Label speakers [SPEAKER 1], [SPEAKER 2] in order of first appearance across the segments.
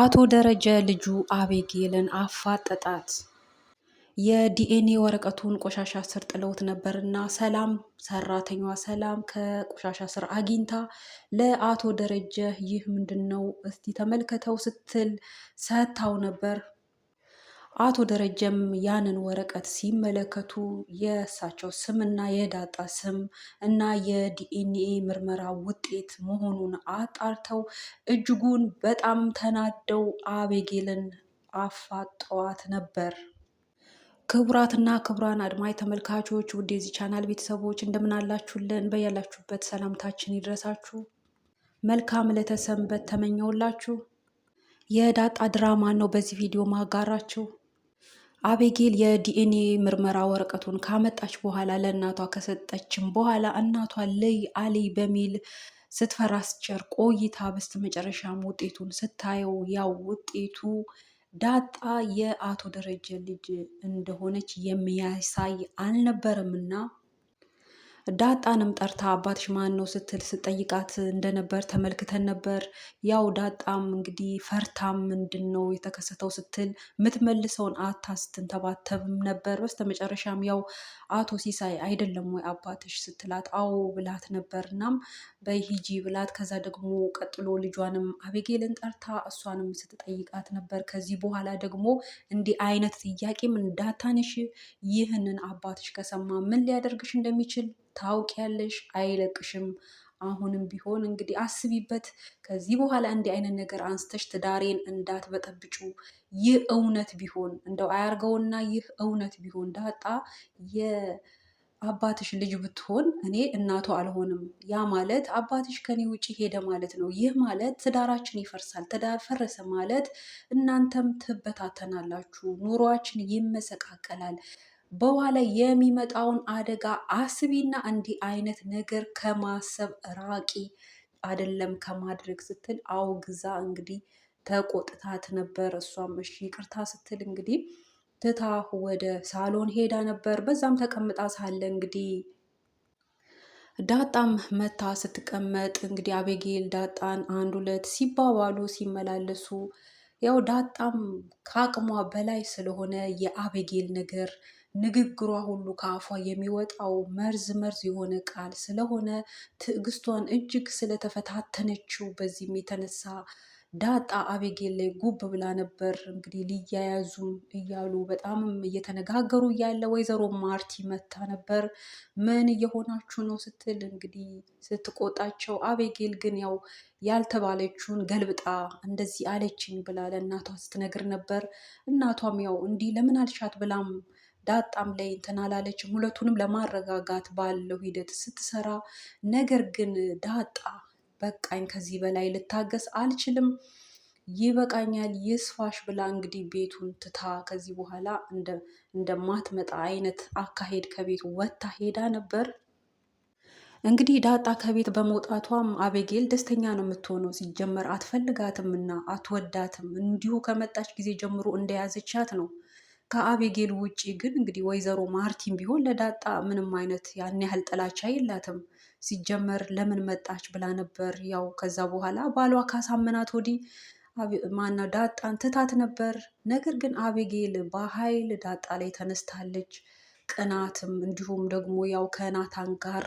[SPEAKER 1] አቶ ደረጀ ልጁ አቤጌልን አፋጠጣት። የዲኤንኤ ወረቀቱን ቆሻሻ ስር ጥለውት ነበርና ሰላም ሰራተኛዋ ሰላም ከቆሻሻ ስር አግኝታ ለአቶ ደረጀ ይህ ምንድን ነው እስቲ ተመልከተው ስትል ሰታው ነበር። አቶ ደረጀም ያንን ወረቀት ሲመለከቱ የእሳቸው ስም እና የዳጣ ስም እና የዲኤንኤ ምርመራ ውጤት መሆኑን አጣርተው እጅጉን በጣም ተናደው አቤጌልን አፋጠዋት ነበር። ክቡራትና ክቡራን አድማጭ ተመልካቾች ውድ የዚህ ቻናል ቤተሰቦች እንደምናላችሁልን በያላችሁበት ሰላምታችን ይድረሳችሁ። መልካም ለተሰንበት ተመኘውላችሁ። የዳጣ ድራማ ነው በዚህ ቪዲዮ ማጋራችሁ። አቤጌል የዲኤንኤ ምርመራ ወረቀቱን ካመጣች በኋላ ለእናቷ ከሰጠችም በኋላ እናቷ ለይ አሊ በሚል ስትፈራስቸር ቆይታ መጨረሻም ውጤቱን ስታየው ያው ውጤቱ ዳጣ የአቶ ደረጀ ልጅ እንደሆነች የሚያሳይ አልነበረምና ዳጣንም ጠርታ አባትሽ ማን ነው ስትል ስጠይቃት እንደነበር ተመልክተን ነበር። ያው ዳጣም እንግዲህ ፈርታም ምንድን ነው የተከሰተው ስትል የምትመልሰውን አታ ስትንተባተብም ነበር። በስተ መጨረሻም ያው አቶ ሲሳይ አይደለም ወይ አባትሽ ስትላት አዎ ብላት ነበር። እናም በሂጂ ብላት ከዛ ደግሞ ቀጥሎ ልጇንም አቤጌልን ጠርታ እሷንም ስትጠይቃት ነበር። ከዚህ በኋላ ደግሞ እንዲህ አይነት ጥያቄ ምን ዳታንሽ ይህንን አባትሽ ከሰማ ምን ሊያደርግሽ እንደሚችል ታውቂያለሽ፣ አይለቅሽም። አሁንም ቢሆን እንግዲህ አስቢበት። ከዚህ በኋላ እንዲህ አይነት ነገር አንስተሽ ትዳሬን እንዳትበጠብጩ። ይህ እውነት ቢሆን እንደው አያርገውና ይህ እውነት ቢሆን ዳጣ አባትሽ ልጅ ብትሆን እኔ እናቱ አልሆንም። ያ ማለት አባትሽ ከኔ ውጭ ሄደ ማለት ነው። ይህ ማለት ትዳራችን ይፈርሳል። ትዳር ፈረሰ ማለት እናንተም ትበታተናላችሁ፣ ኑሯችን ይመሰቃቀላል። በኋላ የሚመጣውን አደጋ አስቢና እንዲህ አይነት ነገር ከማሰብ ራቂ አይደለም ከማድረግ ስትል አውግዛ እንግዲህ ተቆጥታት ነበር። እሷም እሺ ይቅርታ ስትል እንግዲህ ትታ ወደ ሳሎን ሄዳ ነበር። በዛም ተቀምጣ ሳለ እንግዲህ ዳጣም መታ ስትቀመጥ እንግዲህ አቤጌል ዳጣን አንድ ሁለት ሲባባሉ ሲመላለሱ ያው ዳጣም ከአቅሟ በላይ ስለሆነ የአቤጌል ነገር ንግግሯ ሁሉ ከአፏ የሚወጣው መርዝ መርዝ የሆነ ቃል ስለሆነ ትዕግስቷን እጅግ ስለተፈታተነችው በዚህም የተነሳ ዳጣ አቤጌል ላይ ጉብ ብላ ነበር። እንግዲህ ሊያያዙም እያሉ በጣምም እየተነጋገሩ እያለ ወይዘሮ ማርቲ መታ ነበር። ምን እየሆናችሁ ነው ስትል እንግዲህ ስትቆጣቸው፣ አቤጌል ግን ያው ያልተባለችውን ገልብጣ እንደዚህ አለችኝ ብላ ለእናቷ ስትነግር ነበር። እናቷም ያው እንዲህ ለምን አልሻት ብላም ዳጣም ላይ እንትን አላለችም። ሁለቱንም ለማረጋጋት ባለው ሂደት ስትሰራ፣ ነገር ግን ዳጣ በቃኝ፣ ከዚህ በላይ ልታገስ አልችልም፣ ይበቃኛል፣ ይስፋሽ ብላ እንግዲህ ቤቱን ትታ ከዚህ በኋላ እንደማትመጣ አይነት አካሄድ ከቤት ወጥታ ሄዳ ነበር። እንግዲህ ዳጣ ከቤት በመውጣቷም አቤጌል ደስተኛ ነው የምትሆነው። ሲጀመር አትፈልጋትም እና አትወዳትም። እንዲሁ ከመጣች ጊዜ ጀምሮ እንደያዘቻት ነው ከአቤጌል ውጪ ግን እንግዲህ ወይዘሮ ማርቲን ቢሆን ለዳጣ ምንም አይነት ያን ያህል ጥላቻ የላትም። ሲጀመር ለምን መጣች ብላ ነበር። ያው ከዛ በኋላ ባሏ ካሳመናት ወዲህ ማና ዳጣን ትታት ነበር። ነገር ግን አቤጌል በኃይል ዳጣ ላይ ተነስታለች። ቅናትም እንዲሁም ደግሞ ያው ከናታን ጋር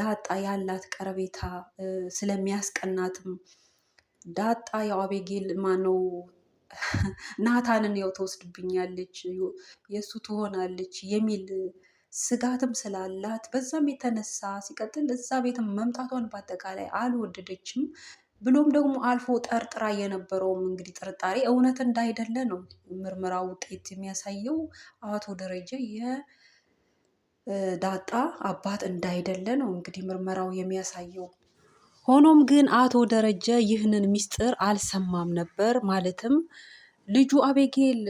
[SPEAKER 1] ዳጣ ያላት ቀረቤታ ስለሚያስቀናትም ዳጣ ያው አቤጌል ማነው ናታንን ያው ተወስድብኛለች፣ የእሱ ትሆናለች የሚል ስጋትም ስላላት በዛም የተነሳ ሲቀጥል እዛ ቤትም መምጣቷን በአጠቃላይ አልወደደችም። ብሎም ደግሞ አልፎ ጠርጥራ የነበረውም እንግዲህ ጥርጣሬ እውነት እንዳይደለ ነው ምርመራ ውጤት የሚያሳየው። አቶ ደረጀ የዳጣ አባት እንዳይደለ ነው እንግዲህ ምርመራው የሚያሳየው። ሆኖም ግን አቶ ደረጀ ይህንን ሚስጥር አልሰማም ነበር። ማለትም ልጁ አቤጌል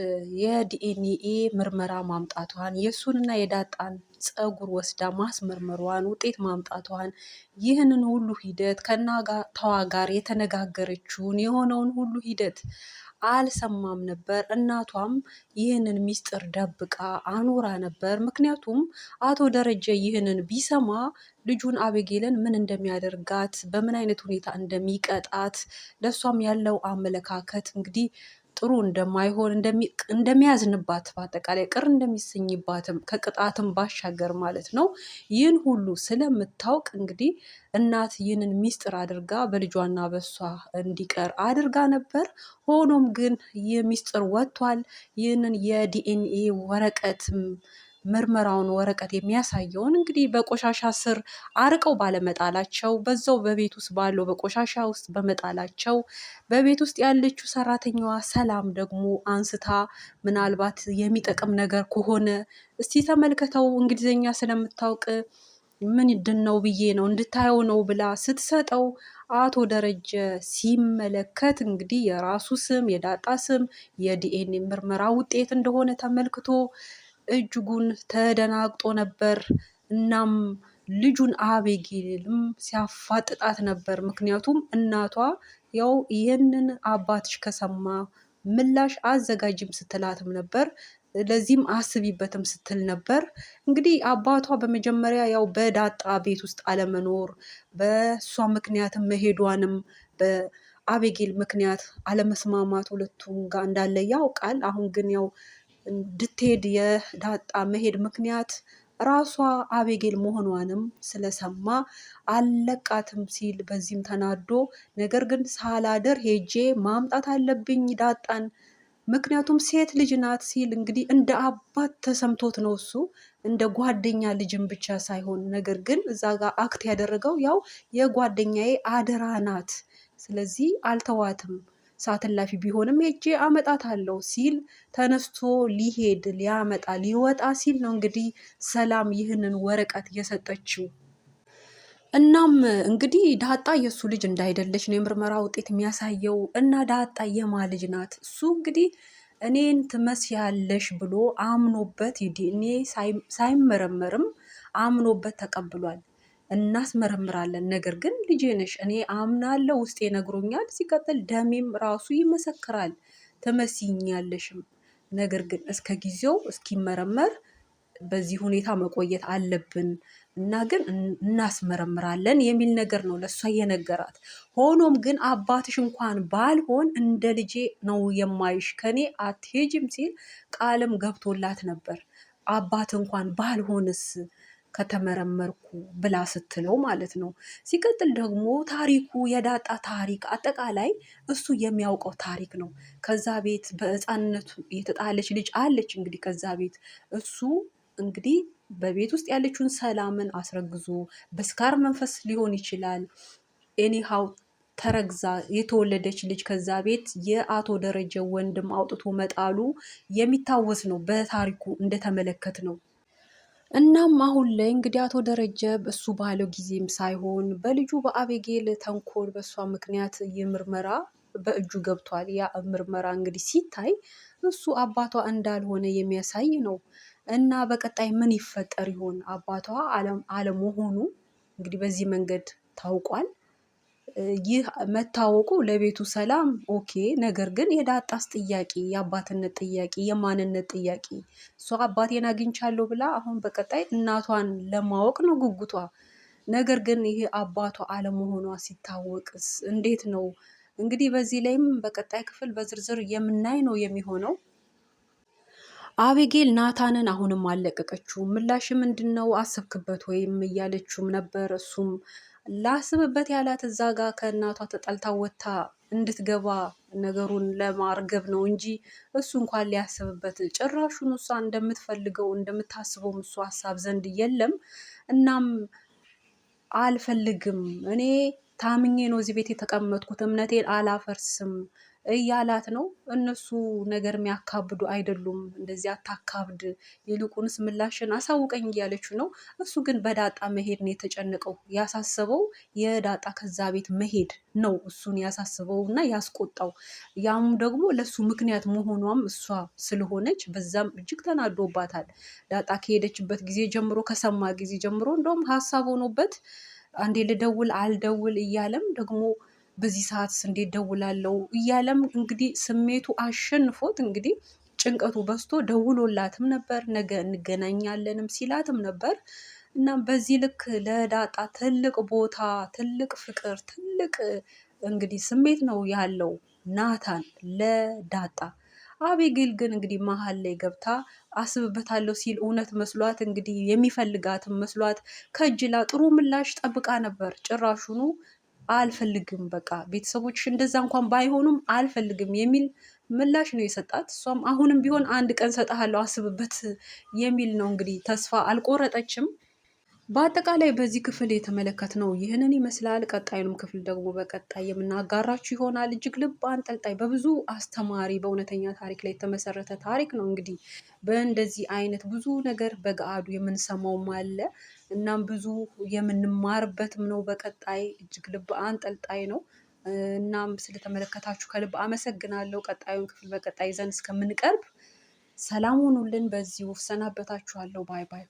[SPEAKER 1] የዲኤንኤ ምርመራ ማምጣቷን የእሱንና የዳጣን ጸጉር ወስዳ ማስመርመሯን ውጤት ማምጣቷን ይህንን ሁሉ ሂደት ከናታዋ ጋር የተነጋገረችውን የሆነውን ሁሉ ሂደት አልሰማም ነበር። እናቷም ይህንን ሚስጥር ደብቃ አኑራ ነበር። ምክንያቱም አቶ ደረጀ ይህንን ቢሰማ ልጁን አቤጌልን ምን እንደሚያደርጋት፣ በምን አይነት ሁኔታ እንደሚቀጣት፣ ለእሷም ያለው አመለካከት እንግዲህ ጥሩ እንደማይሆን እንደሚያዝንባት በአጠቃላይ ቅር እንደሚሰኝባትም ከቅጣትም ባሻገር ማለት ነው። ይህን ሁሉ ስለምታውቅ እንግዲህ እናት ይህንን ሚስጥር አድርጋ በልጇና በሷ እንዲቀር አድርጋ ነበር። ሆኖም ግን ይህ ሚስጥር ወጥቷል። ይህንን የዲኤንኤ ወረቀትም ምርመራውን ወረቀት የሚያሳየውን እንግዲህ በቆሻሻ ስር አርቀው ባለመጣላቸው በዛው በቤት ውስጥ ባለው በቆሻሻ ውስጥ በመጣላቸው በቤት ውስጥ ያለችው ሰራተኛዋ ሰላም ደግሞ አንስታ ምናልባት የሚጠቅም ነገር ከሆነ እስቲ ተመልከተው እንግሊዝኛ ስለምታውቅ ድን ነው ብዬ ነው እንድታየው ነው ብላ ስትሰጠው አቶ ደረጀ ሲመለከት እንግዲህ የራሱ ስም የዳጣ ስም የዲኤንኤ ምርመራ ውጤት እንደሆነ ተመልክቶ እጅጉን ተደናግጦ ነበር። እናም ልጁን አቤጌልም ሲያፋጥጣት ነበር። ምክንያቱም እናቷ ያው ይህንን አባትሽ ከሰማ ምላሽ አዘጋጅም ስትላትም ነበር። ለዚህም አስቢበትም ስትል ነበር። እንግዲህ አባቷ በመጀመሪያ ያው በዳጣ ቤት ውስጥ አለመኖር በእሷ ምክንያትም መሄዷንም በአቤጌል ምክንያት አለመስማማት ሁለቱም ጋር እንዳለ ያውቃል። አሁን ግን ያው እንድትሄድ የዳጣ መሄድ ምክንያት ራሷ አቤጌል መሆኗንም ስለሰማ አለቃትም ሲል በዚህም ተናዶ ነገር ግን ሳላደር ሄጄ ማምጣት አለብኝ ዳጣን ምክንያቱም ሴት ልጅ ናት ሲል እንግዲህ እንደ አባት ተሰምቶት ነው እሱ እንደ ጓደኛ ልጅም ብቻ ሳይሆን ነገር ግን እዛ ጋር አክት ያደረገው ያው የጓደኛዬ አደራ ናት ስለዚህ አልተዋትም ሳትላፊ ቢሆንም ሄጄ አለው ሲል ተነስቶ ሊሄድ ሊያመጣ ሊወጣ ሲል ነው እንግዲህ ሰላም ይህንን ወረቀት የሰጠችው። እናም እንግዲህ ዳጣ የእሱ ልጅ እንዳይደለች ነው የምርመራ ውጤት የሚያሳየው። እና ዳጣ የማ ልጅ ናት? እሱ እንግዲህ እኔን ትመስያለሽ ብሎ አምኖበት ዲኤንኤ ሳይመረመርም አምኖበት ተቀብሏል። እናስመረምራለን። ነገር ግን ልጄ ነሽ፣ እኔ አምናለሁ፣ ውስጤ ነግሮኛል። ሲቀጥል ደሜም ራሱ ይመሰክራል፣ ትመስይኛለሽም። ነገር ግን እስከ ጊዜው እስኪመረመር በዚህ ሁኔታ መቆየት አለብን እና ግን እናስመረምራለን የሚል ነገር ነው ለእሷ የነገራት። ሆኖም ግን አባትሽ እንኳን ባልሆን እንደ ልጄ ነው የማይሽ ከኔ አትሄጅም ሲል ቃልም ገብቶላት ነበር። አባት እንኳን ባልሆንስ ከተመረመርኩ ብላ ስትለው ማለት ነው። ሲቀጥል ደግሞ ታሪኩ የዳጣ ታሪክ አጠቃላይ እሱ የሚያውቀው ታሪክ ነው። ከዛ ቤት በህፃንነቱ የተጣለች ልጅ አለች እንግዲህ ከዛ ቤት እሱ እንግዲህ በቤት ውስጥ ያለችውን ሰላምን አስረግዞ በስካር መንፈስ ሊሆን ይችላል ኤኒሃው ተረግዛ የተወለደች ልጅ ከዛ ቤት የአቶ ደረጀ ወንድም አውጥቶ መጣሉ የሚታወስ ነው። በታሪኩ እንደተመለከት ነው። እናም አሁን ላይ እንግዲህ አቶ ደረጀ እሱ ባለው ጊዜም ሳይሆን በልጁ በአቤጌል ተንኮል በእሷ ምክንያት የምርመራ በእጁ ገብቷል። ያ ምርመራ እንግዲህ ሲታይ እሱ አባቷ እንዳልሆነ የሚያሳይ ነው። እና በቀጣይ ምን ይፈጠር ይሆን? አባቷ አለመሆኑ እንግዲህ በዚህ መንገድ ታውቋል። ይህ መታወቁ ለቤቱ ሰላም ኦኬ። ነገር ግን የዳጣስ ጥያቄ የአባትነት ጥያቄ የማንነት ጥያቄ እሷ አባቴን አግኝቻለሁ ብላ አሁን በቀጣይ እናቷን ለማወቅ ነው ጉጉቷ። ነገር ግን ይሄ አባቷ አለመሆኗ ሲታወቅስ እንዴት ነው? እንግዲህ በዚህ ላይም በቀጣይ ክፍል በዝርዝር የምናይ ነው የሚሆነው። አቤጌል ናታንን አሁንም አለቀቀችው። ምላሽ ምንድን ነው አሰብክበት ወይም እያለችውም ነበር እሱም ላስብበት ያላት እዛ ጋር ከእናቷ ተጠልታ ወጥታ እንድትገባ ነገሩን ለማርገብ ነው እንጂ እሱ እንኳን ሊያስብበት ጭራሹን እሷ እንደምትፈልገው እንደምታስበው እሱ ሀሳብ ዘንድ የለም። እናም አልፈልግም እኔ ታምኜ ነው እዚህ ቤት የተቀመጥኩት። እምነቴን አላፈርስም እያላት ነው። እነሱ ነገር የሚያካብዱ አይደሉም። እንደዚህ አታካብድ፣ ይልቁንስ ምላሽን አሳውቀኝ እያለችው ነው። እሱ ግን በዳጣ መሄድ ነው የተጨነቀው። ያሳሰበው የዳጣ ከዛ ቤት መሄድ ነው እሱን ያሳስበው እና ያስቆጣው። ያም ደግሞ ለእሱ ምክንያት መሆኗም እሷ ስለሆነች በዛም እጅግ ተናዶባታል። ዳጣ ከሄደችበት ጊዜ ጀምሮ ከሰማ ጊዜ ጀምሮ እንደውም ሀሳብ ሆኖበት አንዴ ልደውል አልደውል እያለም ደግሞ በዚህ ሰዓትስ እንዴት ደውላለው እያለም እንግዲህ ስሜቱ አሸንፎት እንግዲህ ጭንቀቱ በዝቶ ደውሎላትም ነበር። ነገ እንገናኛለንም ሲላትም ነበር። እናም በዚህ ልክ ለዳጣ ትልቅ ቦታ፣ ትልቅ ፍቅር፣ ትልቅ እንግዲህ ስሜት ነው ያለው ናታን ለዳጣ። አቤጌል ግን እንግዲህ መሀል ላይ ገብታ አስብበታለሁ ሲል እውነት መስሏት እንግዲህ የሚፈልጋትም መስሏት ከእጅላ ጥሩ ምላሽ ጠብቃ ነበር። ጭራሹኑ አልፈልግም፣ በቃ ቤተሰቦች እንደዛ እንኳን ባይሆኑም አልፈልግም የሚል ምላሽ ነው የሰጣት። እሷም አሁንም ቢሆን አንድ ቀን ሰጠሃለሁ አስብበት የሚል ነው እንግዲህ። ተስፋ አልቆረጠችም። በአጠቃላይ በዚህ ክፍል ነው ይህንን ይመስላል። ቀጣዩንም ክፍል ደግሞ በቀጣይ የምናጋራችሁ ይሆናል። እጅግ ልብ አንጠልጣይ፣ በብዙ አስተማሪ፣ በእውነተኛ ታሪክ ላይ የተመሰረተ ታሪክ ነው። እንግዲህ በእንደዚህ አይነት ብዙ ነገር በገአዱ የምንሰማውም አለ። እናም ብዙ የምንማርበትም ነው። በቀጣይ እጅግ ልብ አንጠልጣይ ነው። እናም ስለተመለከታችሁ ከልብ አመሰግናለሁ። ቀጣዩን ክፍል በቀጣይ ይዘን እስከምንቀርብ ሰላም ሁኑልን። በዚሁ እሰናበታችኋለሁ። ባይ ባይ።